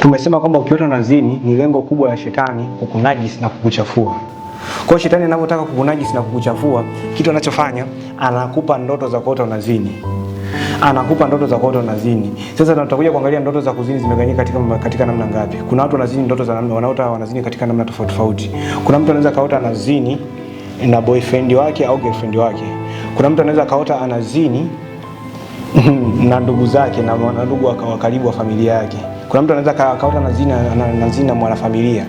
Tumesema kwamba ukiota na zini ni lengo kubwa la shetani kukunajisi na kukuchafua. Kwa hiyo shetani anapotaka kukunajisi na kukuchafua, kitu anachofanya anakupa ndoto za kuota na zini anakupa ndoto za kuota unazini. Sasa tutakuja kuangalia ndoto za kuzini zimeganyika katika, katika namna ngapi. Kuna watu wanazini ndoto za namna wanaota wanazini katika namna tofauti tofauti. Kuna mtu anaweza kaota anazini na boyfriend wake au girlfriend wake. Kuna mtu anaweza kaota anazini na ndugu zake na ndugu akawa karibu wa familia yake. Kuna mtu anaweza akaota nazini na, na zini na mwanafamilia.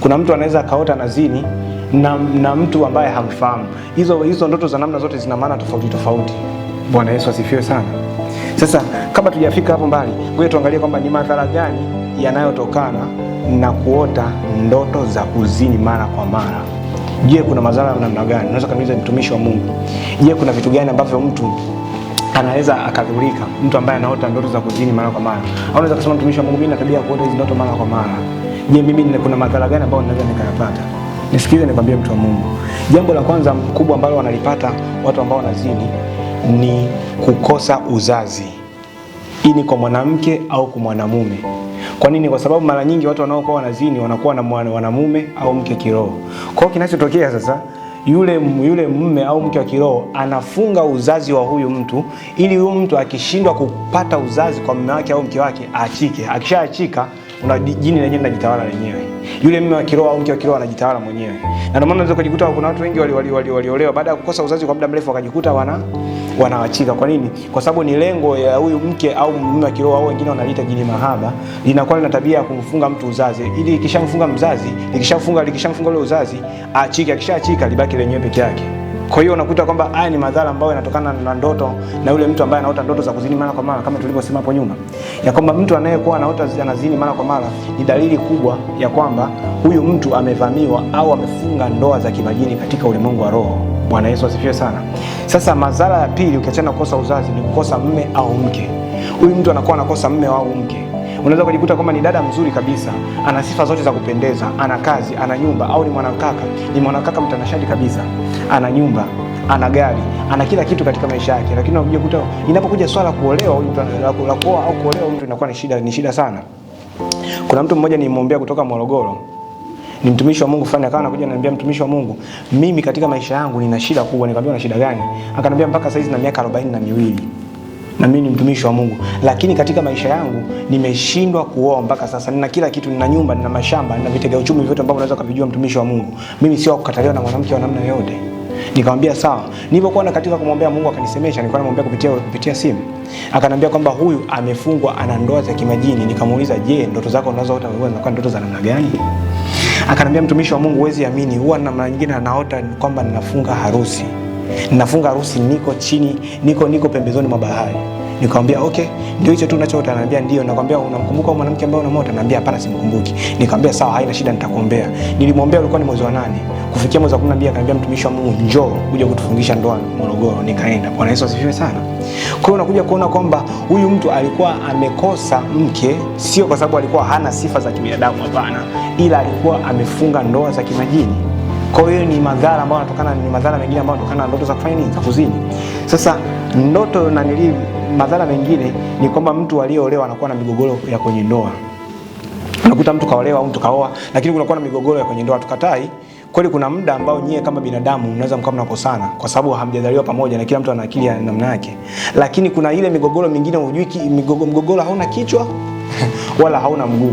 Kuna mtu anaweza akaota zini na, na mtu ambaye hamfahamu. Hizo hizo ndoto za namna zote zina maana tofauti tofauti. Bwana Yesu asifiwe sana. Sasa kabla tujafika hapo mbali, ngoja tuangalie kwamba ni madhara gani yanayotokana na kuota ndoto za kuzini mara kwa mara. Je, kuna madhara ya namna gani? Unaweza kaniuliza mtumishi wa Mungu. Je, kuna vitu gani ambavyo mtu anaweza akadhurika, mtu ambaye anaota ndoto za kuzini mara kwa mara. Au unaweza kusema mtumishi wa Mungu, mimi na tabia ya kuota hizo ndoto mara kwa mara, je, mimi kuna madhara gani ambayo ninaweza nikayapata? Nisikize nikwambie, mtu wa Mungu, jambo la kwanza kubwa ambalo wanalipata watu ambao wanazini ni kukosa uzazi. Hii ni kwa mwanamke au kwa mwanamume. Kwa nini? Kwa sababu mara nyingi watu wanaokuwa wanazini wanakuwa na mwanamume au mke kiroho. Kwa hiyo kinachotokea sasa yule, yule mume au mke wa kiroho anafunga uzazi wa huyu mtu, ili huyu mtu akishindwa kupata uzazi kwa mume wake au mke wake aachike. Akishaachika una jini lenyewe linajitawala lenyewe, yule mume wa kiroho au mke wa kiroho anajitawala mwenyewe. Na ndio maana unaweza kujikuta kuna watu wengi waliolewa wali, wali, wali baada ya kukosa uzazi kwa muda mrefu wakajikuta wana wanawachika. Kwa nini? Kwa sababu ni lengo ya huyu mke au mume wa kiroho au wengine wanaliita jini mahaba, linakuwa lina tabia ya kumfunga mtu uzazi, ili ikishamfunga mzazi, likishamfunga likishamfunga ule uzazi, achike, Akishaachika libaki lenyewe peke yake. Kwa hiyo unakuta kwamba haya ni madhara ambayo yanatokana na ndoto na yule mtu ambaye anaota ndoto za kuzini mara kwa mara, kama tulivyosema hapo nyuma, ya kwamba mtu anayekuwa anaota anazini mara kwa mara ni dalili kubwa ya kwamba huyu mtu amevamiwa au amefunga ndoa za kimajini katika ulimwengu wa roho. Bwana Yesu asifiwe sana. Sasa madhara ya pili, ukiachana kukosa uzazi, ni kukosa mme au mke. Huyu mtu anakuwa anakosa mme au mke Unaweza kujikuta kwamba ni dada mzuri kabisa, ana sifa zote za kupendeza, ana kazi, ana nyumba, au ni mwanakaka, ni mwanakaka mtanashati kabisa, ana nyumba, ana gari, ana kila kitu katika maisha yake, lakini unakuja kuta inapokuja swala kuolewa, mtu la kuoa au kuolewa mtu, inakuwa ni shida, ni shida sana. Kuna mtu mmoja nimwombea kutoka Morogoro ni mtumishi wa Mungu fulani akawa anakuja ananiambia, mtumishi wa Mungu, mimi katika maisha yangu nina shida kubwa. Nikamwambia, una shida gani? Akaniambia, mpaka saizi na miaka arobaini na miwili na mimi ni mtumishi wa Mungu, lakini katika maisha yangu nimeshindwa kuoa mpaka sasa. Nina kila kitu, nina nyumba, nina mashamba, nina vitega uchumi vyote ambavyo unaweza kuvijua, mtumishi wa Mungu. Mimi sio kukataliwa na mwanamke wa namna yoyote. Nikamwambia sawa. Nilipokuwa na katika kumwombea Mungu akanisemesha, nilikuwa namwombea kupitia kupitia simu. Akaniambia kwamba huyu amefungwa ana ndoa za kimajini. Nikamuuliza, "Je, ndoto zako unazoota wewe zinakuwa ndoto za namna gani?" Akaniambia, mtumishi wa Mungu, huwezi amini, huwa na namna nyingine anaota kwamba ninafunga harusi nafunga harusi, niko chini, niko niko pembezoni mwa bahari. Nikamwambia okay, ndio hicho tu unachoota? Anambia ndio. Nakwambia unamkumbuka mwanamke ambaye unamota? Anambia hapana, simkumbuki. Nikamwambia sawa, haina shida, nitakuombea. Nilimwombea, ulikuwa ni mwezi wa nane. Kufikia mwezi wa 12 akaniambia, mtumishi wa Mungu, njoo uje kutufungisha ndoa Morogoro. Nikaenda. Bwana Yesu asifiwe sana. Kwa hiyo unakuja kuona kwamba huyu mtu alikuwa amekosa mke, sio kwa sababu alikuwa hana sifa za kibinadamu, hapana, ila alikuwa amefunga ndoa za kimajini. Kwa hiyo ni madhara ambayo yanatokana, ni madhara mengine ambayo yanatokana na ndoto za kufanya nini, za kuzini. Sasa ndoto na nili, madhara mengine ni kwamba mtu aliyeolewa anakuwa na migogoro ya kwenye ndoa. Unakuta mtu kaolewa au mtu kaoa, lakini kunakuwa na migogoro ya kwenye ndoa. Tukatai kweli, kuna muda ambao nyie kama binadamu mnaweza mkawa mnakosana kwa sababu hamjadaliwa pamoja, na kila mtu ana akili ya namna yake, lakini kuna ile migogoro mingine hujui, migogoro hauna kichwa wala hauna mguu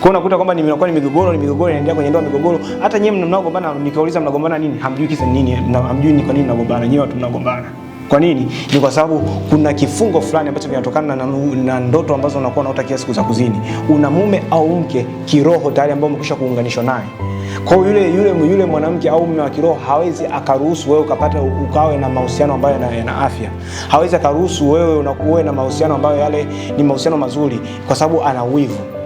kwa unakuta kwamba nimekuwa ni migogoro, ni migogoro inaendelea kwenye ndoa, migogoro. Hata nyinyi mnaogombana, nikauliza mnagombana nini? Hamjui kisa nini, hamjui ni kwa nini mnagombana. Nyinyi watu mnagombana. Kwa nini? Ni kwa sababu kuna kifungo fulani ambacho kinatokana na, na ndoto ambazo unakuwa unaota kila siku za kuzini. Una mume au mke kiroho tayari ambao umekwisha kuunganishwa naye. Kwa hiyo yule yule yule mwanamke au mume wa kiroho hawezi akaruhusu wewe ukapata ukawe na mahusiano ambayo yana afya. Hawezi akaruhusu wewe unakuwa na mahusiano ambayo yale ni mahusiano mazuri kwa sababu ana wivu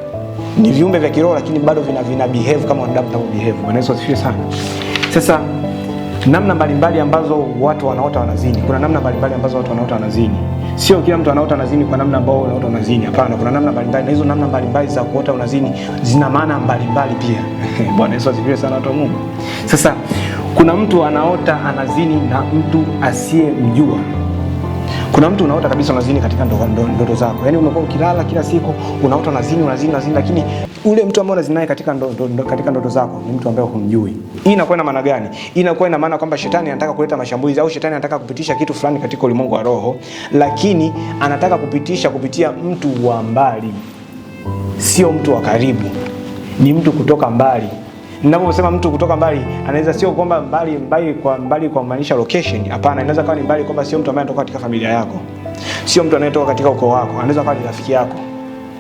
ni viumbe vya kiroho lakini bado vina, vina behave kama wanadamu tunavyo behave. Yesu asifiwe sana. Sasa namna mbalimbali ambazo watu wanaota wanazini, kuna namna mbalimbali ambazo watu wanaota wanazini. Sio kila mtu anaota anazini kwa namna ambayo anaota unazini. Hapana, kuna namna mbalimbali, na hizo namna mbalimbali za kuota unazini zina maana mbalimbali pia. Bwana Yesu asifiwe sana, watu wa Mungu. Sasa kuna mtu anaota anazini na mtu asiyemjua kuna mtu unaota kabisa unazini katika ndoto zako, yaani umekuwa ukilala kila siku unaota unazini, unazini, unazini, lakini ule mtu ambaye unazini naye katika ndoto, katika ndoto zako ni mtu ambaye humjui. Hii inakuwa ina maana gani? Inakuwa ina maana kwamba shetani anataka kuleta mashambulizi au shetani anataka kupitisha kitu fulani katika ulimwengu wa roho, lakini anataka kupitisha kupitia mtu wa mbali, sio mtu wa karibu, ni mtu kutoka mbali. Ninaposema mtu kutoka mbali, anaweza sio kwamba mbali mbali kwa mbali kwa maanisha location, hapana. Inaweza kuwa ni mbali kwamba sio mtu ambaye anatoka katika familia yako, sio mtu anayetoka katika ukoo wako, anaweza kuwa ni rafiki yako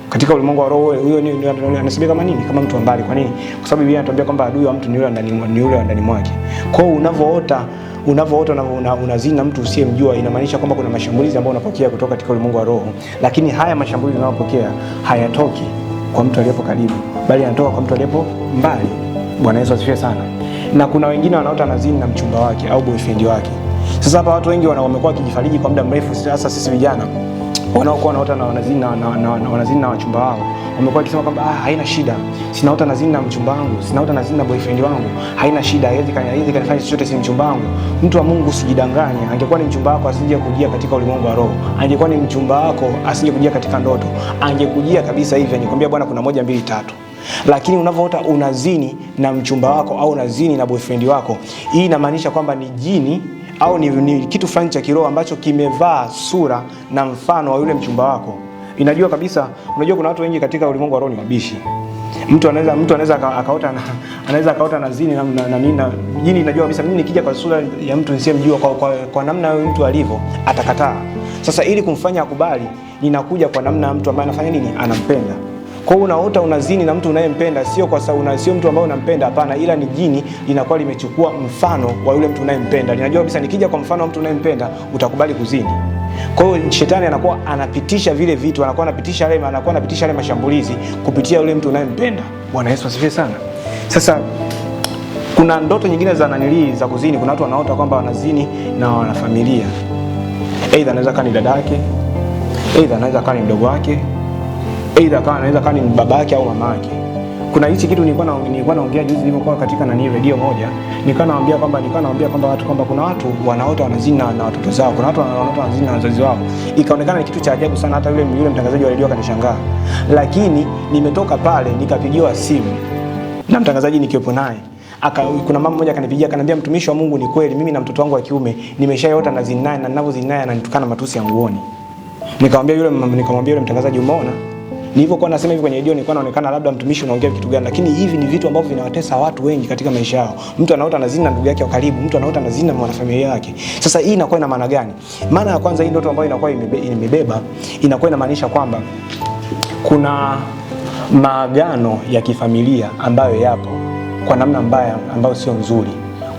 katika ulimwengu wa roho. Huyo ni anasema kama nini? Kama mtu mbali. Kwa nini? Kwa sababu Biblia inatuambia kwamba adui wa mtu ni yule ndani, ni yule ndani mwake. Kwa hiyo unavoota unavoota unazini na mtu usiyemjua, inamaanisha kwamba kuna mashambulizi ambayo unapokea kutoka katika ulimwengu wa roho, lakini haya mashambulizi unayopokea hayatoki kwa mtu aliyepo karibu, bali yanatoka kwa mtu aliyepo mbali. Bwana Yesu asifiwe sana. Na kuna wengine wanaota anazini na mchumba wake au boyfriend wake. Sasa hapa watu wengi wamekuwa wakijifariji kwa muda mrefu, sasa sisi vijana wanaokuwa wanaota na wanazini na, na, na, na wanazini na wachumba wao wamekuwa wakisema kwamba ah, haina shida, sinaota nazini na mchumba wangu, sinaota nazini na boyfriend wangu, haina shida, haiwezi kanifanya kani chochote, si mchumba wangu. Mtu wa Mungu, usijidanganye. Angekuwa ni mchumba wako asije kujia katika ulimwengu wa roho, angekuwa ni mchumba wako asije kujia katika ndoto, angekujia kabisa hivi, angekwambia bwana, kuna moja mbili tatu. Lakini unavyoota unazini na mchumba wako au unazini na boyfriend wako, hii inamaanisha kwamba ni jini au ni, ni kitu fulani cha kiroho ambacho kimevaa sura na mfano wa yule mchumba wako. Inajua kabisa. Unajua kuna watu wengi katika ulimwengu wa roho ni mabishi. Mtu anaweza mtu anaweza akaota anaweza akaota na zini na na nini na jini inajua kabisa mimi nikija kwa sura ya mtu nisiyemjua kwa, kwa, kwa namna yule mtu alivyo atakataa. Sasa ili kumfanya akubali, ninakuja kwa namna ya mtu ambaye anafanya nini? Anampenda. Kwa hiyo unaota unazini na mtu unayempenda, sio kwa sababu una sio mtu ambaye unampenda, hapana, ila ni jini linakuwa limechukua mfano wa yule mtu unayempenda. Linajua kabisa nikija kwa mfano wa mtu unayempenda utakubali kuzini. Kwa hiyo shetani anakuwa anapitisha vile vitu, anakuwa anapitisha yale, anakuwa anapitisha yale mashambulizi kupitia yule mtu unayempenda. Bwana Yesu asifiwe sana. Sasa kuna ndoto nyingine za nanili za kuzini. Kuna watu wanaota kwamba wanazini na wanafamilia, aidha anaweza kaa ni dada yake, aidha anaweza kaa ni mdogo wake Aidha kawa anaweza kawa ni baba yake au mama yake. Kuna hichi kitu nilikuwa na nilikuwa naongea juzi nilipokuwa katika nani redio moja, nilikuwa naambia kwamba nilikuwa naambia kwamba watu kwamba kuna watu wanaota wanazina na watoto zao, kuna watu wanaota wanazina na wazazi wao. Ikaonekana ni kitu cha ajabu sana, hata yule yule mtangazaji wa redio akanishangaa. Lakini nimetoka pale nikapigiwa simu na mtangazaji nikiwepo naye Aka, kuna mama mmoja akanipigia akaniambia, mtumishi wa Mungu, ni kweli mimi na mtoto wangu wa kiume nimeshaota na zinaye na ninavyo zinaye ananitukana matusi ya nguoni. Nikamwambia yule mama, nikamwambia yule mtangazaji, umeona Nilivyokuwa nasema hivi kwenye video, nilikuwa naonekana labda mtumishi unaongea kitu gani, lakini hivi ni vitu ambavyo vinawatesa watu wengi katika maisha yao. Mtu anaota anazini na ndugu yake wa karibu, mtu anaota anazini na mwanafamilia yake. Sasa hii inakuwa ina maana gani? Maana ya kwanza, hii ndoto ambayo inakuwa imebeba inakuwa inamaanisha kwamba kuna maagano ya kifamilia ambayo yapo kwa namna mbaya ambayo sio nzuri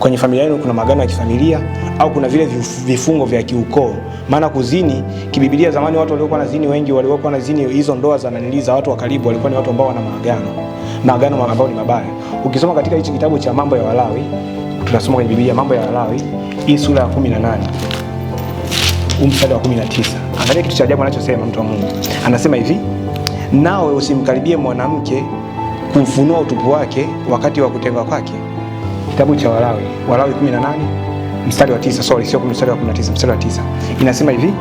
kwenye familia yenu kuna magano ya kifamilia au kuna vile vifungo vya kiukoo. Maana kuzini kibibilia, zamani watu waliokuwa na zini wengi waliokuwa na zini hizo ndoa za naniliza watu wa karibu walikuwa ni watu ambao wana magano, magano ambayo ni mabaya. Ukisoma katika hichi kitabu cha mambo ya Walawi, tunasoma kwenye Biblia mambo ya Walawi hii sura ya 18 mstari wa 19, angalia kitu cha ajabu anachosema mtu wa Mungu. Anasema hivi, nawe usimkaribie mwanamke kumfunua utupu wake wakati wa kutengwa kwake kitabu cha Walawi, Walawi 18 mstari wa tisa, sorry, sio mstari wa 19, mstari wa tisa inasema hivi,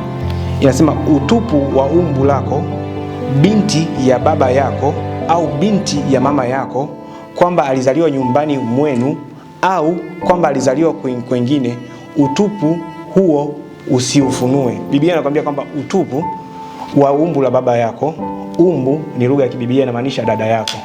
inasema utupu wa umbu lako binti ya baba yako au binti ya mama yako, kwamba alizaliwa nyumbani mwenu au kwamba alizaliwa kwengine, utupu huo usiufunue. Biblia inakwambia kwamba utupu wa umbu la baba yako, umbu ni lugha ya Kibiblia inamaanisha dada yako.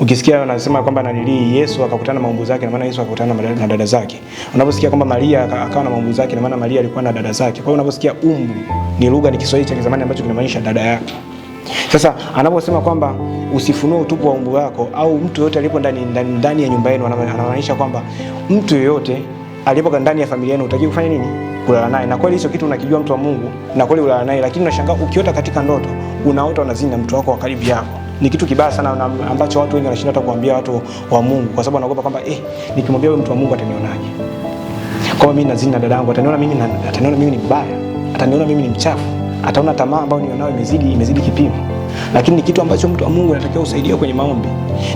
Ukisikia wanasema kwamba nanili Yesu akakutana na maumbu zake, na maana Yesu akakutana na dada zake. Unaposikia kwamba Maria akawa na maumbu zake, na maana Maria alikuwa na dada zake. Kwa hiyo unaposikia umbu ni lugha, ni Kiswahili cha zamani ambacho kinamaanisha dada yake. Sasa anaposema kwamba usifunue utupu wa umbu wako au mtu yote alipo ndani, ndani, ndani ya nyumba yenu, anamaanisha kwamba mtu yoyote alipo ndani ya familia yenu utakiwa kufanya nini? Kulala naye. Na kweli hicho kitu unakijua mtu wa Mungu, na kweli ulala naye, lakini unashangaa ukiota katika ndoto unaota unazini na mtu wako wa karibu yako ni kitu kibaya sana na ambacho watu wengi wanashinda hata kuambia watu wa Mungu kwa sababu anaogopa kwamba eh, nikimwambia mtu wa Mungu atanionaje? Kwa mimi nazini na dadangu ataniona mimi na, ataniona mimi ni mbaya, ataniona mimi ni mchafu, ataona tamaa ambayo ninayo imezidi imezidi kipimo. Lakini ni kitu ambacho mtu wa Mungu anatakiwa usaidie kwenye maombi.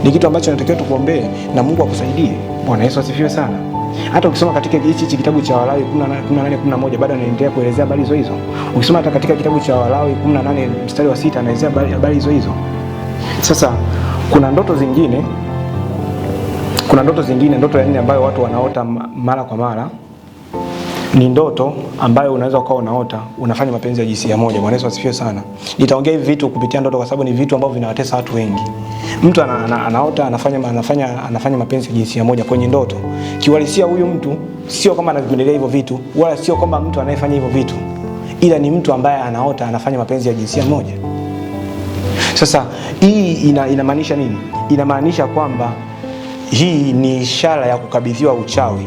Ni kitu ambacho anatakiwa tukuombee na Mungu akusaidie. Bwana Yesu asifiwe sana. Hata ukisoma katika hichi hichi kitabu cha Walawi 18:11 bado anaendelea kuelezea habari hizo hizo. Ukisoma hata katika kitabu cha Walawi 18 mstari wa sita anaelezea habari hizo hizo. Sasa kuna ndoto zingine, kuna ndoto zingine, ndoto ya nne ambayo watu wanaota mara kwa mara ni ndoto ambayo unaweza ukawa unaota unafanya mapenzi ya jinsia moja. Bwana Yesu asifiwe sana. Nitaongea hivi vitu kupitia ndoto kwa sababu ni vitu ambavyo vinawatesa watu wengi. Mtu ana, ana, anaota anafanya, anafanya, anafanya mapenzi ya jinsia moja kwenye ndoto. Kiuhalisia huyu mtu sio kama anavipendelea hivyo vitu, wala sio kwamba mtu anayefanya hivyo vitu, ila ni mtu ambaye anaota anafanya mapenzi ya jinsia moja. Sasa hii ina, inamaanisha nini? Inamaanisha kwamba hii ni ishara ya kukabidhiwa uchawi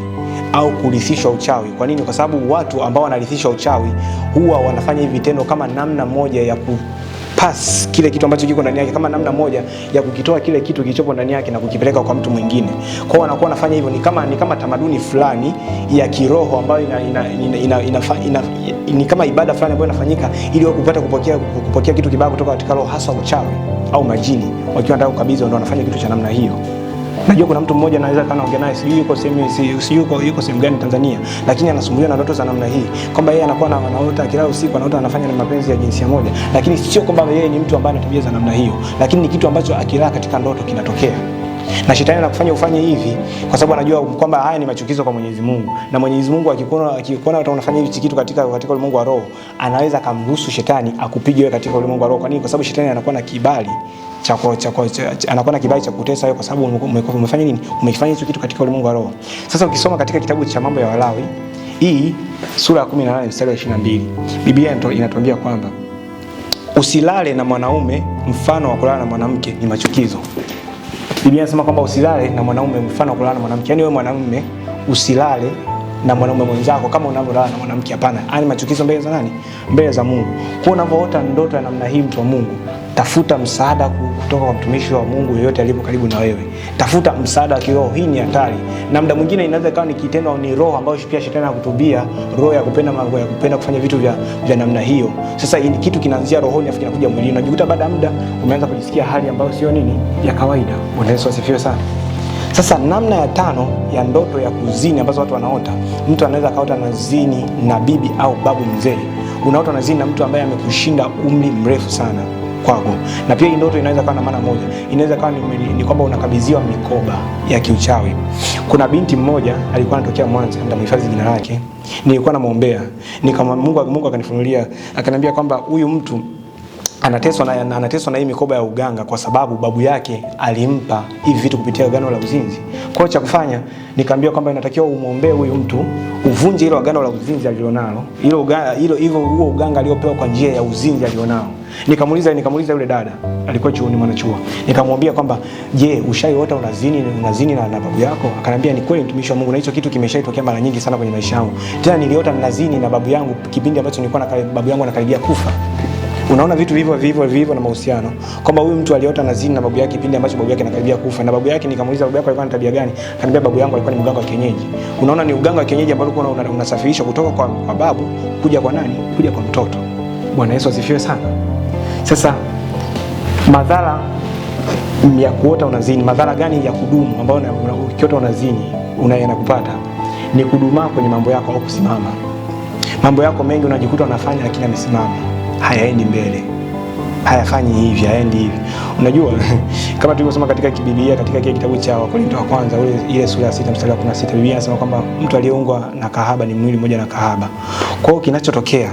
au kurithishwa uchawi. Kwa nini? Kwa sababu watu ambao wanarithishwa uchawi huwa wanafanya hivi vitendo kama namna moja ya ku kukipas kile kitu ambacho kiko ndani yake, kama namna moja ya kukitoa kile kitu kilichopo ndani yake na kukipeleka kwa mtu mwingine. Kwa hiyo wanakuwa wanafanya hivyo, ni kama ni kama tamaduni fulani ya kiroho ambayo ina, ina, ina, ina, ina, ina, ni kama ibada fulani ambayo inafanyika ili wao kupata kupokea kupokea kitu kibaya kutoka katika roho, hasa uchawi au majini. Wakiwa ndao kabisa ndio wanafanya kitu cha namna hiyo. Najua kuna mtu mmoja anaweza kana ongea naye sijui yuko sehemu sijui yuko yuko sehemu gani Tanzania, lakini anasumbuliwa na ndoto za namna hii kwamba yeye anakuwa anaota kila usiku anaota anafanya na mapenzi ya jinsia moja, lakini sio kwamba yeye ni mtu ambaye ana tabia za namna hiyo, lakini ni kitu ambacho akilala katika ndoto kinatokea na shetani anakufanya ufanye hivi kwa sababu anajua kwamba haya ni machukizo kwa Mwenyezi Mungu, na Mwenyezi Mungu akikuona akikuona unafanya hivi kitu katika katika ulimwengu wa roho, anaweza akamruhusu shetani akupige wewe katika ulimwengu wa roho. Kwa nini? Kwa sababu shetani anakuwa na kibali anakuwa na kibali cha kutesa wewe kwa sababu umefanya nini? Umefanya hicho kitu katika ulimwengu wa roho. Sasa ukisoma katika kitabu cha mambo ya Walawi hii sura ya 18 mstari wa 22, Biblia inatuambia kwamba usilale na mwanaume, mfano wa kulala na mwanamke ni machukizo. Biblia inasema kwamba usilale na mwanaume, mfano wa kulala na mwanamke. Yani wewe mwanaume usilale na mwanaume mwenzako kama unavyolala na mwanamke. Hapana, ani machukizo mbele za nani? Mbele za Mungu. Kwa unavyoota ndoto ya namna hii, mtu wa Mungu, Tafuta msaada kutoka kwa mtumishi wa Mungu yeyote aliyepo karibu na wewe. Tafuta msaada wa kiroho. Hii ni hatari, na muda mwingine inaweza ikawa ni kitendo au ni roho ambayo pia shetani anakutubia, roho ya kupenda mambo ya kupenda kufanya vitu vya, vya namna hiyo. Sasa hii kitu kinaanzia rohoni afu kinakuja mwilini, unajikuta baada ya muda umeanza kujisikia hali ambayo sio nini ya kawaida. Bwana Yesu asifiwe sana. Sasa namna ya tano ya ndoto ya kuzini ambazo watu wanaota, mtu anaweza akaota na zini na bibi au babu mzee. Unaota na zini na mtu ambaye amekushinda umri mrefu sana kwako. Na pia hii ndoto inaweza kuwa na maana moja, inaweza kuwa ni, ni, ni kwamba unakabidhiwa mikoba ya kiuchawi. Kuna binti mmoja alikuwa anatokea Mwanza, nitamhifadhi jina lake, nilikuwa namuombea, nikama Mungu, Mungu akanifunulia akaniambia kwamba huyu mtu anateswa na, anateswa na hii mikoba ya uganga kwa sababu babu yake alimpa hivi vitu kupitia gano la uzinzi. Kwa hiyo cha kufanya, nikaambia kwamba inatakiwa umwombee huyu mtu uvunje ile agano la uzinzi alilonalo, hilo ile hivyo, huo uganga aliopewa kwa njia ya uzinzi alionao. Nikamuuliza, nikamuuliza yule dada alikuwa chuoni, mwanachuo, nikamwambia kwamba je, ushaiota unazini unazini na, na babu yako? Akaniambia ni kweli, mtumishi wa Mungu, na hicho kitu kimeshaitokea mara nyingi sana kwenye maisha yangu. Tena niliota ninazini na babu yangu kipindi ambacho nilikuwa na babu yangu anakaribia kufa unaona vitu vivyo vivyo vivyo na mahusiano, kwamba huyu mtu aliota na zini na babu yake pindi ambacho babu yake anakaribia kufa, na babu yake nikamuuliza, babu yako alikuwa na tabia gani? Akaniambia babu yangu alikuwa ni mganga wa kienyeji. Unaona, ni uganga wa kienyeji ambao ulikuwa unasafirishwa kutoka kwa, kwa babu kuja kwa nani? Kuja kwa mtoto. Bwana Yesu asifiwe sana. Sasa madhara ya kuota unazini, madhara gani ya kudumu ambayo ukiota unazini unayakupata ni kudumaa kwenye mambo yako au kusimama. Mambo yako mengi unajikuta unafanya lakini amesimama hayaendi mbele, hayafanyi hivi, hayaendi hivi. Unajua kama tulivyosoma katika Biblia, katika kile kitabu cha Wakorintho wa kwanza ile sura ya sita mstari wa kumi na sita Biblia inasema kwamba mtu aliyeungwa na kahaba ni mwili mmoja na kahaba. Kwa hiyo kinachotokea,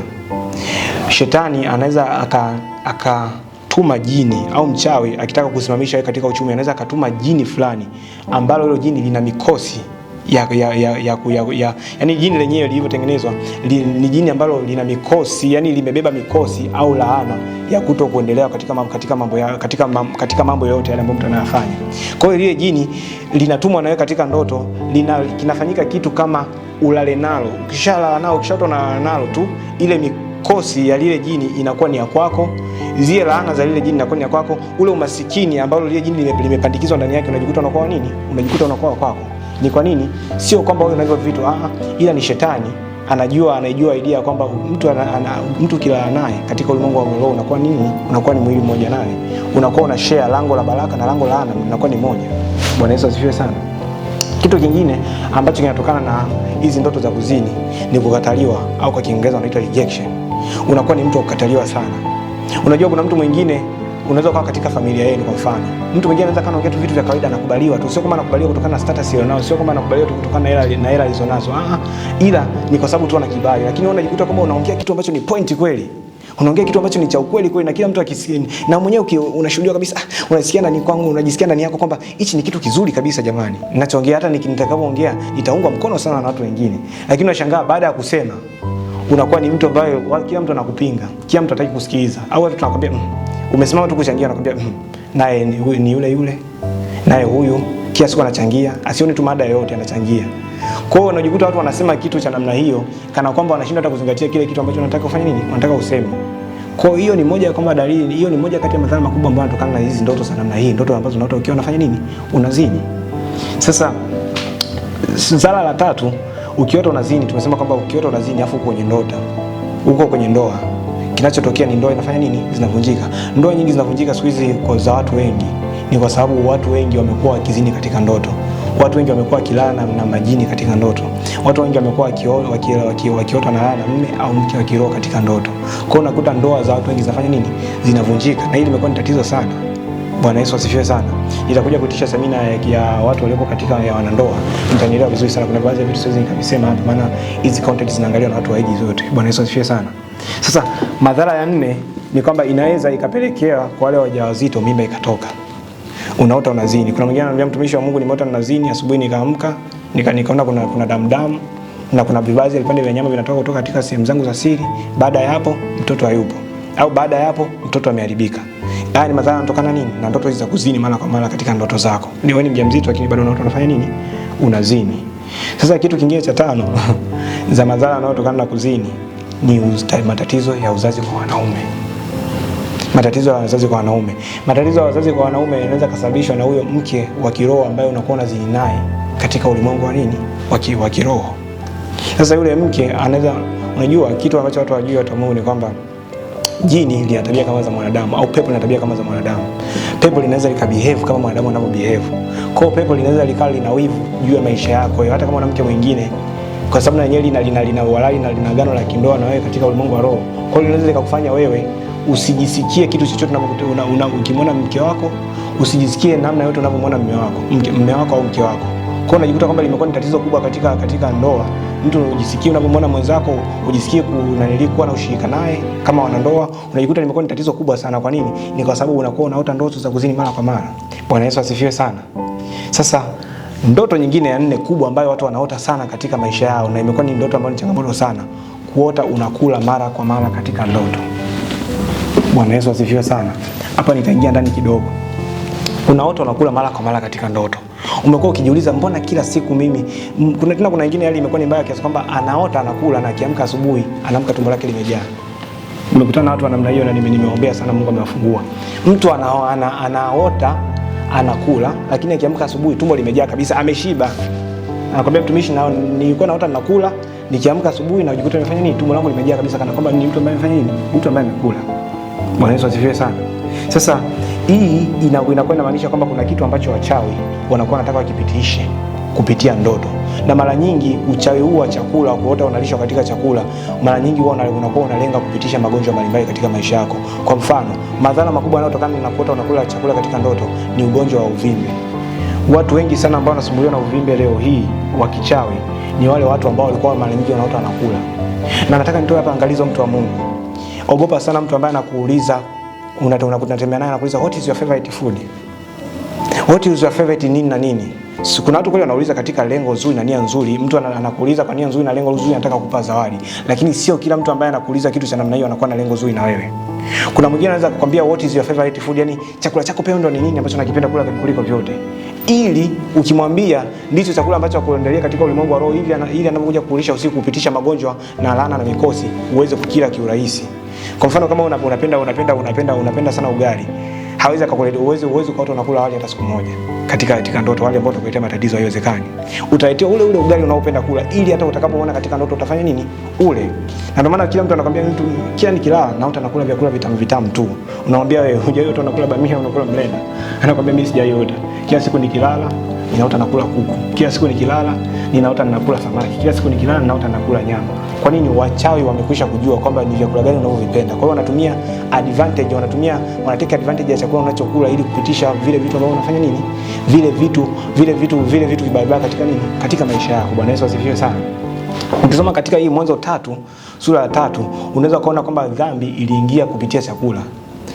shetani anaweza aka, aka tuma jini au mchawi akitaka kusimamisha katika uchumi, anaweza akatuma jini fulani ambalo hilo jini lina mikosi ya, ya, ya, ya, ya, ya. Yani jini lenyewe lilivyotengenezwa li, ni jini ambalo lina mikosi yani limebeba mikosi au laana ya kuto kuendelea katika mambo, katika mambo, ya, katika mambo, katika mambo yote yale ambayo mtu anayafanya. Kwa hiyo lile jini linatumwa nawe katika ndoto lina, kinafanyika kitu kama ulale nalo, ukishalala nalo, ukishato na nalo tu ile mikosi ya lile jini inakuwa ni ya kwako, zile laana za lile jini inakuwa ni ya kwako, ule umasikini ambao lile jini limepandikizwa ndani yake unajikuta unakuwa nini, unajikuta unakuwa kwako. Ni kwa nini? Sio kwamba wewe unavyo vitu ah, ah, ila ni shetani anajua anajua idea kwamba mtu ana, ana, mtu kila naye katika ulimwengu wa roho unakuwa nini? Unakuwa ni mwili mmoja naye, unakuwa una share lango la baraka na lango la laana, unakuwa ni moja. Bwana Yesu asifiwe sana. Kitu kingine ambacho kinatokana na hizi ndoto za kuzini ni kukataliwa, au kwa Kiingereza wanaita rejection. Unakuwa ni mtu wa kukataliwa sana. Unajua kuna mtu mwingine unaweza kuwa katika familia yenu. Kwa mfano, mtu mwingine anaweza kanaongea tu vitu vya kawaida, anakubaliwa tu, sio kama anakubaliwa kutokana na status alionayo, sio kama anakubaliwa kutokana na hela na hela alizonazo, ah, ila ni kwa sababu tu ana kibali. Lakini wewe unajikuta kama unaongea kitu ambacho ni point kweli, unaongea kitu ambacho ni cha ukweli kweli, na kila mtu akisikia, na mwenyewe unashuhudia kabisa, ah, unasikia ndani kwangu, unajisikia ndani yako kwamba hichi ni kitu kizuri kabisa. Jamani, ninachoongea hata nitakapoongea itaungwa mkono sana na watu wengine, lakini unashangaa baada ya kusema unakuwa ni mtu ambaye kila mtu anakupinga, kila mtu hataki kusikiliza, au watu tunakwambia mm, umesimama tu kuchangia, anakuambia mm, naye ni huyu, ni yule yule, naye huyu kila siku anachangia, asione tu mada yoyote anachangia. Kwa hiyo unajikuta watu wanasema kitu cha namna hiyo, kana kwamba wanashindwa hata kuzingatia kile kitu ambacho wanataka kufanya nini, wanataka useme. Kwa hiyo ni moja kwamba dalili hiyo, ni moja kati ya madhara makubwa ambayo yanatokana na hizi ndoto za namna hii, ndoto ambazo unaota ukiwa unafanya nini, unazini. Sasa zala la tatu, ukiota unazini, tumesema kwamba ukiota unazini afu kwenye ndoto, uko kwenye ndoa kinachotokea ni ndoa inafanya nini, zinavunjika. Ndoa nyingi zinavunjika siku hizi kwa za watu wengi, ni kwa sababu watu wengi wamekuwa wakizini katika ndoto, watu wengi wamekuwa wakilala na, na majini katika ndoto, watu wengi wamekuwa wakiota waki, waki, waki na lala na mme au mke wakiroa katika ndoto. Kwa hiyo unakuta ndoa za watu wengi zinafanya nini, zinavunjika, na hili limekuwa ni tatizo sana. Bwana Yesu asifiwe sana. Nitakuja kutisha semina ya watu walioko katika ya wanandoa. Mtanielewa vizuri sana. Kuna baadhi ya vitu siwezi nikavisema hapa maana hizi content zinaangaliwa na watu wa age zote. Bwana Yesu asifiwe sana. Sasa madhara ya nne ni kwamba inaweza ikapelekea kwa wale wajawazito mimba ikatoka, unaota unazini. Kuna mwingine anamwambia mtumishi wa Mungu, nimeota nazini asubuhi, nikaamka nika, nikaona kuna kuna damu damdamu na kuna vibazi vipande vya nyama vinatoka kutoka katika sehemu zangu za siri. Baada ya hapo mtoto hayupo, au baada ya hapo mtoto ameharibika. Haya ni madhara yanatokana nini? Na ndoto hizi za kuzini mara kwa mara katika ndoto zako. Ni wewe ni mjamzito lakini bado unaota unafanya nini? Unazini. Sasa kitu kingine cha tano za madhara yanayotokana na kuzini ni matatizo ya uzazi kwa wanaume. Matatizo ya wazazi kwa wanaume, matatizo ya wazazi kwa wanaume yanaweza kusababishwa na huyo mke wa kiroho ambaye unakuwa unazini naye katika ulimwengu wa nini, wa kiroho. Sasa yule mke anaweza, unajua kitu ambacho watu hawajui watamwona ni kwamba jini lina tabia kama za mwanadamu au pepo lina tabia kama za mwanadamu. Pepo linaweza likabehave kama mwanadamu anavyobehave. Kwa hiyo pepo linaweza likawa lina wivu juu ya maisha yako, hata kama mwanamke mwingine kwa sababu na lenyewe lina lina lina uhalali na lina agano la kindoa na wewe katika ulimwengu wa roho. Kwa hiyo linaweza likakufanya wewe usijisikie kitu chochote una, ukimwona mke wako, usijisikie namna yote unavyomwona mume wako, mume wako au mke wako. Kwa hiyo unajikuta kwamba limekuwa ni tatizo kubwa katika katika ndoa. Mtu unajisikia unapomwona mwenzako ujisikie kunanili kuwa na ushirika naye kama wanandoa, unajikuta limekuwa ni tatizo kubwa sana. Kwa nini? Ni kwa sababu unakuwa unaota ndoto za kuzini mara kwa mara. Bwana Yesu asifiwe sana. Sasa Ndoto nyingine ya nne kubwa ambayo watu wanaota sana katika maisha yao na imekuwa ni ndoto ambayo ni changamoto sana, kuota unakula mara kwa mara katika ndoto. Bwana Yesu asifiwe sana. Hapa nitaingia ndani kidogo. Unaota unakula mara kwa mara katika ndoto. Umekuwa ukijiuliza mbona kila siku mimi kuna tena kuna nyingine hali imekuwa ni mbaya kiasi kwamba anaota anakula na akiamka asubuhi anaamka tumbo lake limejaa. Umekutana na watu wa namna hiyo na nimeombea sana Mungu amewafungua. Mtu anaota ana, ana anakula, lakini akiamka asubuhi tumbo limejaa kabisa, ameshiba. Anakwambia mtumishi, na nilikuwa naota nakula, nikiamka asubuhi na kujikuta nimefanya nini, tumbo langu limejaa kabisa, kana kwamba ni mtu ambaye amefanya nini, mtu ambaye amekula. Bwana Yesu asifiwe sana. Sasa hii inakuwa inamaanisha kwamba kuna kitu ambacho wachawi wanakuwa wanataka wakipitishe kupitia ndoto na mara nyingi uchawi huu wa chakula kuota unalishwa katika chakula, mara nyingi huwa unakuwa unalenga kupitisha magonjwa mbalimbali katika maisha yako. Kwa mfano, madhara makubwa yanayotokana na kuota unakula chakula katika ndoto ni ugonjwa wa uvimbe. Watu wengi sana ambao wanasumbuliwa na uvimbe leo hii wa kichawi ni wale watu ambao walikuwa mara nyingi wanaota wanakula, na nataka nitoe hapa angalizo, mtu wa Mungu, ogopa sana mtu ambaye anakuuliza unatembea naye anakuuliza what is your favorite food, what is your favorite nini na nini kuna watu kweli wanauliza katika lengo zuri na nia nzuri, mtu anakuuliza kwa nia nzuri na lengo zuri, anataka kukupa zawadi, lakini sio kila mtu ambaye anakuuliza kitu cha namna hiyo anakuwa na lengo zuri na wewe. Kuna mwingine anaweza kukwambia what is your favorite food, yani chakula chako pendwa ni nini ambacho unakipenda kula kuliko vyote, ili ukimwambia ndicho chakula ambacho akuendelea katika ulimwengu wa roho, hivi ili anapokuja kukulisha usiku, kupitisha magonjwa na laana na mikosi, uweze kukila kiurahisi. Kwa mfano kama unapenda unapenda unapenda unapenda sana ugali hawezi akakuletea uwezo uwezo kwa watu wanakula wali hata siku moja katika katika ndoto, wale ambao utakuletea matatizo haiwezekani. Utaletea ule ule ugali unaopenda kula, ili hata utakapoona katika ndoto utafanya nini ule. Na ndio maana kila mtu anakuambia mtu kila nikilala uta nakula vyakula vitamu vitamu tu, unamwambia wewe hujaiota unakula bamia unakula mlenda, anakuambia mimi sijaiota. Kila siku nikilala ninaota nakula kuku, kila siku nikilala ninaota ninakula samaki, kila siku nikilala ninaota nakula nyama. Kwa nini? Wachawi wamekwisha kujua kwamba ni vyakula gani unavyovipenda, kwa hiyo wanatumia advantage, wanatumia wanateka advantage ya chakula unachokula ili kupitisha vile vitu ambavyo unafanya nini, vile vitu vile vitu vile vitu vibaya katika nini, katika maisha yako. Bwana Yesu asifiwe sana. Ukisoma katika hii Mwanzo tatu sura ya tatu unaweza ukaona kwamba dhambi iliingia kupitia chakula.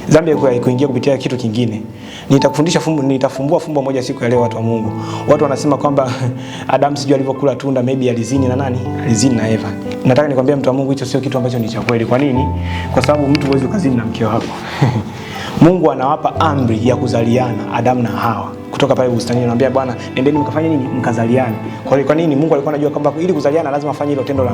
Dhambi haikuingia kupitia kitu kingine. Nitakufundisha fumbo, nitafumbua fumbo moja siku ya leo, watu wa Mungu. Watu wanasema kwamba Adamu sijui alivyokula tunda, maybe alizini na nani? Alizini na Eva. Nataka nikwambie mtu wa Mungu, hicho sio kitu ambacho ni cha kweli. Kwa nini? Kwa sababu mtu huwezi ukazini na mke wako Mungu anawapa amri ya kuzaliana Adamu na Hawa kutoka pale bustani anamwambia Bwana, nendeni mkafanye nini? Mkazaliane. Kwa hiyo, kwa nini Mungu alikuwa anajua kwamba ili kuzaliana lazima afanye hilo tendo la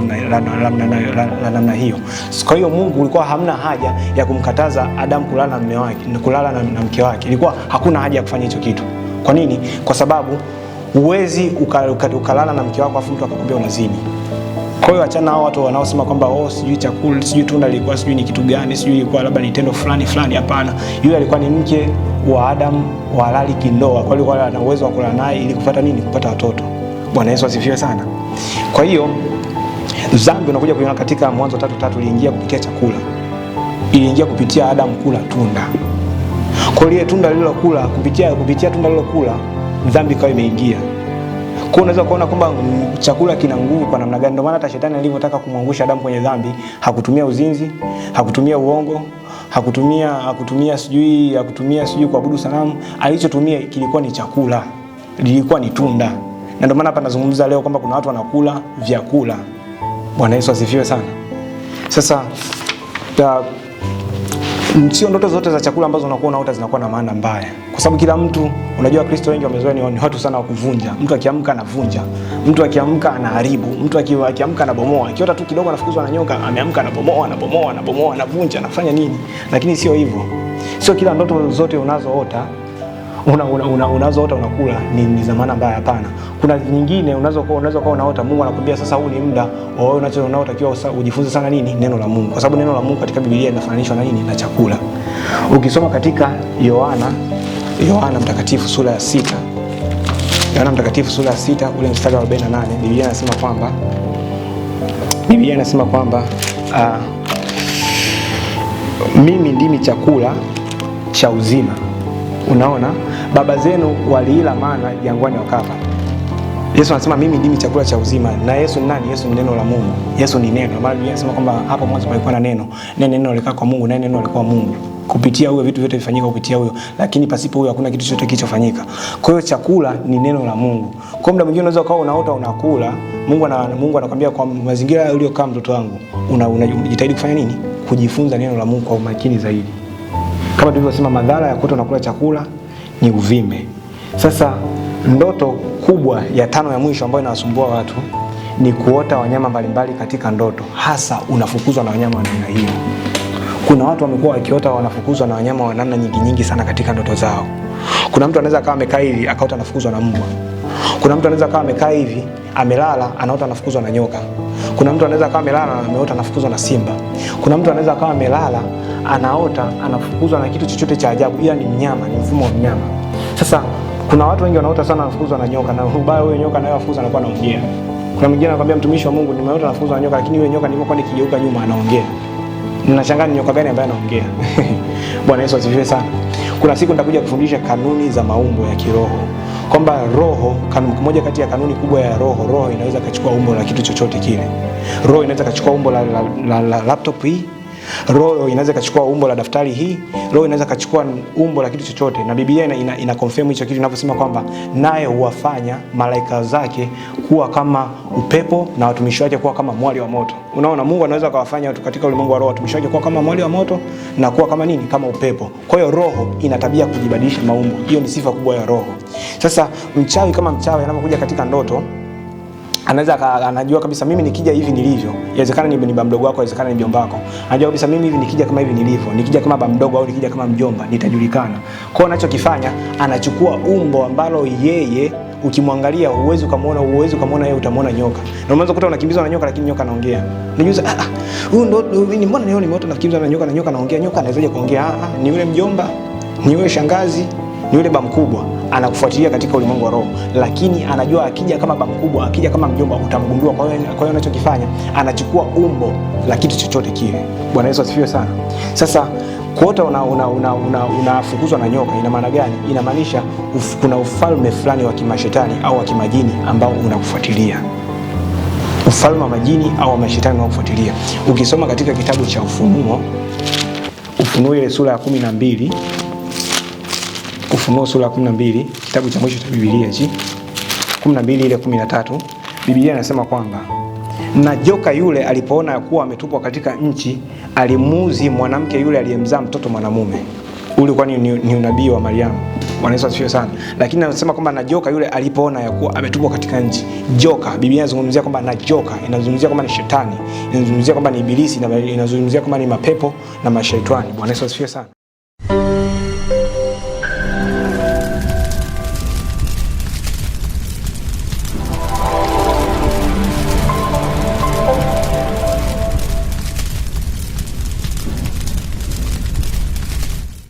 namna hiyo? Kwa hiyo, Mungu ulikuwa hamna haja ya kumkataza Adamu kulala na mume wake, kulala na mke wake, ilikuwa hakuna haja ya kufanya hicho kitu. Kwa nini? Kwa sababu huwezi ukalala na mke wako afu mtu akakwambia unazini. Kwa hiyo achana hao watu wanaosema kwamba oh, sijui cool, sijui tunda lilikuwa, sijui ni kitu gani, sijui ilikuwa labda ni tendo fulani fulani. Hapana, yule alikuwa ni mke wa Adamu wa halali kindoa, kwa hiyo ana uwezo wa kula naye ili kupata nini? Kupata watoto. Bwana Yesu asifiwe sana. Kwa hiyo dhambi unakuja kuiona katika Mwanzo tatu tatu, iliingia kupitia chakula, iliingia kupitia Adamu kula tunda. Kwa hiyo tunda lililokula kupitia, kupitia tunda lilokula dhambi ikawa imeingia. Kwa unaweza kuona kwamba chakula kina nguvu kwa namna gani. Ndio maana hata shetani alivyotaka kumwangusha Adamu kwenye dhambi, hakutumia uzinzi, hakutumia uongo, hakutumia hakutumia sijui hakutumia sijui kuabudu sanamu. Alichotumia kilikuwa ni chakula, lilikuwa ni tunda. Na ndio maana hapa nazungumza leo kwamba kuna watu wanakula vyakula. Bwana Yesu asifiwe sana. Sasa ta, sio ndoto zote za chakula ambazo unakuwa unaota zinakuwa na maana mbaya, kwa sababu kila mtu, unajua Kristo wengi wamezoea ni watu sana wa kuvunja. Mtu akiamka anavunja, mtu akiamka anaharibu, mtu akiamka anabomoa, akiota tu kidogo anafukuzwa na nyoka, ameamka anabomoa, anabomoa, anabomoa, anavunja, anafanya nini. Lakini sio hivyo, sio kila ndoto zote unazoota unazoota una, una, una unakula ni, ni dhamana mbaya? Hapana. Kuna nyingine unaweza unaweza kuwa unaota, Mungu anakuambia sasa, huu ni muda wewe unacho unaotakiwa ujifunze sana nini, neno la Mungu, kwa sababu neno la Mungu katika Biblia linafananishwa na nini, na chakula. Ukisoma katika Yohana Yohana mtakatifu sura ya sita Yohana mtakatifu sura ya sita ule mstari wa 48 Biblia inasema kwamba Biblia inasema kwamba uh, mimi ndimi chakula cha uzima. Unaona, baba zenu waliila mana jangwani wakafa. Yesu anasema mimi ndimi chakula cha uzima. Na Yesu ni nani? Yesu ni neno la Mungu. Yesu ni neno. Maana Biblia inasema kwamba hapo mwanzo palikuwa na neno. Neno neno lilikaa kwa Mungu, na neno alikuwa Mungu. Kupitia huyo vitu vyote vifanyika kupitia huyo. Lakini pasipo huyo hakuna kitu chochote kilichofanyika. Kwa hiyo chakula ni neno la Mungu. Kwa muda mwingine unaweza ukawa unaota unakula, Mungu ana Mungu anakuambia kwa mazingira uliokaa mtoto wangu, unajitahidi una, kufanya nini? Kujifunza neno la Mungu kwa umakini zaidi. Kama tulivyosema madhara ya kuto na kula chakula ni uvime. Sasa ndoto kubwa ya tano ya mwisho ambayo inawasumbua watu ni kuota wanyama mbalimbali katika ndoto, hasa unafukuzwa na wanyama wa namna hiyo. Kuna watu wamekuwa wakiota wanafukuzwa na wanyama wa namna nyingi nyingi sana katika ndoto zao. Kuna mtu anaweza akawa amekaa hivi akaota anafukuzwa na mbwa. Kuna mtu anaweza akawa amekaa hivi amelala anaota anafukuzwa na nyoka. Kuna mtu anaweza akawa amelala na ameota anafukuzwa na simba. Kuna mtu anaweza akawa amelala anaota anafukuzwa na kitu chochote cha ajabu, ila ni mnyama, ni mfumo wa mnyama. Sasa kuna watu wengi wanaota sana anafukuzwa na nyoka, na ubaya huyo nyoka nayo anayofukuza anakuwa anaongea. Kuna mwingine anakuambia, mtumishi wa Mungu, nimeota anafukuzwa na nyoka, lakini yule nyoka nilikuwa nikigeuka nyuma anaongea. Ninashangaa nyoka gani ambaye anaongea. Bwana Yesu asifiwe sana. Kuna siku nitakuja kufundisha kanuni za maumbo ya kiroho kwamba roho, moja kati ya kanuni kubwa ya roho, roho inaweza kachukua umbo la kitu chochote kile. Roho inaweza kachukua umbo la, la, la, la laptop hii Roho inaweza ikachukua umbo la daftari hii, roho inaweza kachukua umbo la kitu chochote, na Biblia ina, ina, ina confirm hicho kitu inavyosema kwamba naye huwafanya malaika zake kuwa kama upepo na watumishi wake kuwa kama mwali wa moto. Unaona, Mungu anaweza akawafanya watu katika ulimwengu wa roho watumishi wake kuwa kama mwali wa moto na kuwa kama nini? Kama upepo. Kwa hiyo roho ina tabia kujibadilisha maumbo, hiyo ni sifa kubwa ya roho. Sasa mchawi kama mchawi anapokuja katika ndoto anaweza anajua kabisa mimi nikija hivi nilivyo, inawezekana ni baba mdogo wako, inawezekana ni mjomba wako. Anajua kabisa mimi hivi nikija kama hivi nilivyo, nikija kama baba mdogo au nikija kama mjomba nitajulikana. Kwa hiyo anachokifanya anachukua umbo ambalo yeye ukimwangalia huwezi ukamwona, huwezi ukamwona yeye, utamwona nyoka. Na unaweza kukuta unakimbizwa na nyoka, lakini nyoka anaongea. Unajua ah, ah, huyu ndo ni mbona leo nimeota nakimbizwa na nyoka na nyoka anaongea? Nyoka anawezaje kuongea? Ah, ah ni yule mjomba, ni yule shangazi ni yule ba mkubwa anakufuatilia katika ulimwengu wa roho, lakini anajua akija kama ba mkubwa, akija kama mjomba utamgundua. Kwa hiyo anachokifanya anachukua umbo la kitu chochote kile. Bwana Yesu asifiwe sana. Sasa kuota unafukuzwa una, una, una na nyoka ina maana gani? Inamaanisha uf, kuna ufalme fulani wa kimashetani au wa kimajini ambao unakufuatilia ufalme wa majini au wa mashetani unaokufuatilia. Ukisoma katika kitabu cha Ufunuo, Ufunuo ile sura ya kumi na mbili Ufunuo sura ya 12 kitabu cha mwisho cha Biblia hichi 12 ile 13, Biblia inasema kwamba na joka yule alipoona ya kuwa ametupwa katika nchi, alimuuzi mwanamke yule aliyemzaa mtoto mwanamume. Ule kwani ni, ni unabii wa Mariamu. Bwana Yesu asifiwe sana. Lakini anasema kwamba na joka yule alipoona ya kuwa ametupwa katika nchi. Joka, Biblia inazungumzia kwamba na joka, inazungumzia kwamba ni shetani, inazungumzia kwamba ni ibilisi, inazungumzia kwamba ni mapepo na mashaitani. Bwana Yesu asifiwe sana.